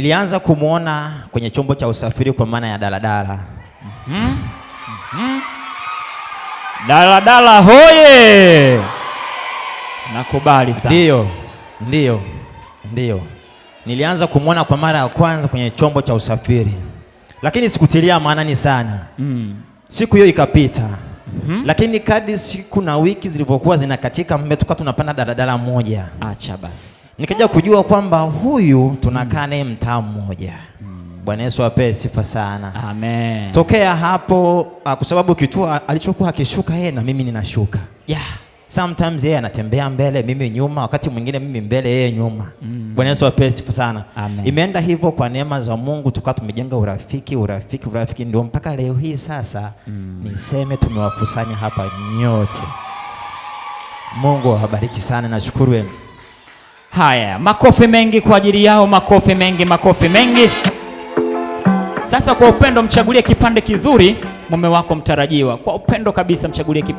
Nilianza kumwona kwenye chombo cha usafiri kwa maana ya daladala. Mm -hmm. Daladala hoye! Nakubali sana. Ndio, ndio, ndio. Nilianza kumwona kwa mara ya kwanza kwenye chombo cha usafiri, lakini sikutilia maanani sana. Mm. Siku hiyo ikapita. Mm -hmm. Lakini kadri siku na wiki zilivyokuwa zinakatika, mmetoka tunapanda daladala moja. Acha basi. Nikaja kujua kwamba huyu tunakaa naye mtaa mmoja. Bwana Yesu apee sifa sana. Amen. Tokea hapo, ah, kwa sababu kituo alichokuwa akishuka yeye na mimi ninashuka. Yeah. Sometimes yeye anatembea mbele, mimi nyuma, wakati mwingine mimi mbele, yeye nyuma. Mm. Bwana Yesu apee sifa sana. Amen. Imeenda hivyo kwa neema za Mungu tukawa tumejenga urafiki, urafiki, urafiki ndio mpaka leo hii sasa. Mm. Niseme tumewakusanya hapa nyote. Mungu awabariki sana, nashukuru MC. Haya, makofi mengi kwa ajili yao, makofi mengi, makofi mengi. Sasa kwa upendo mchagulie kipande kizuri mume wako mtarajiwa, kwa upendo kabisa mchagulie kipande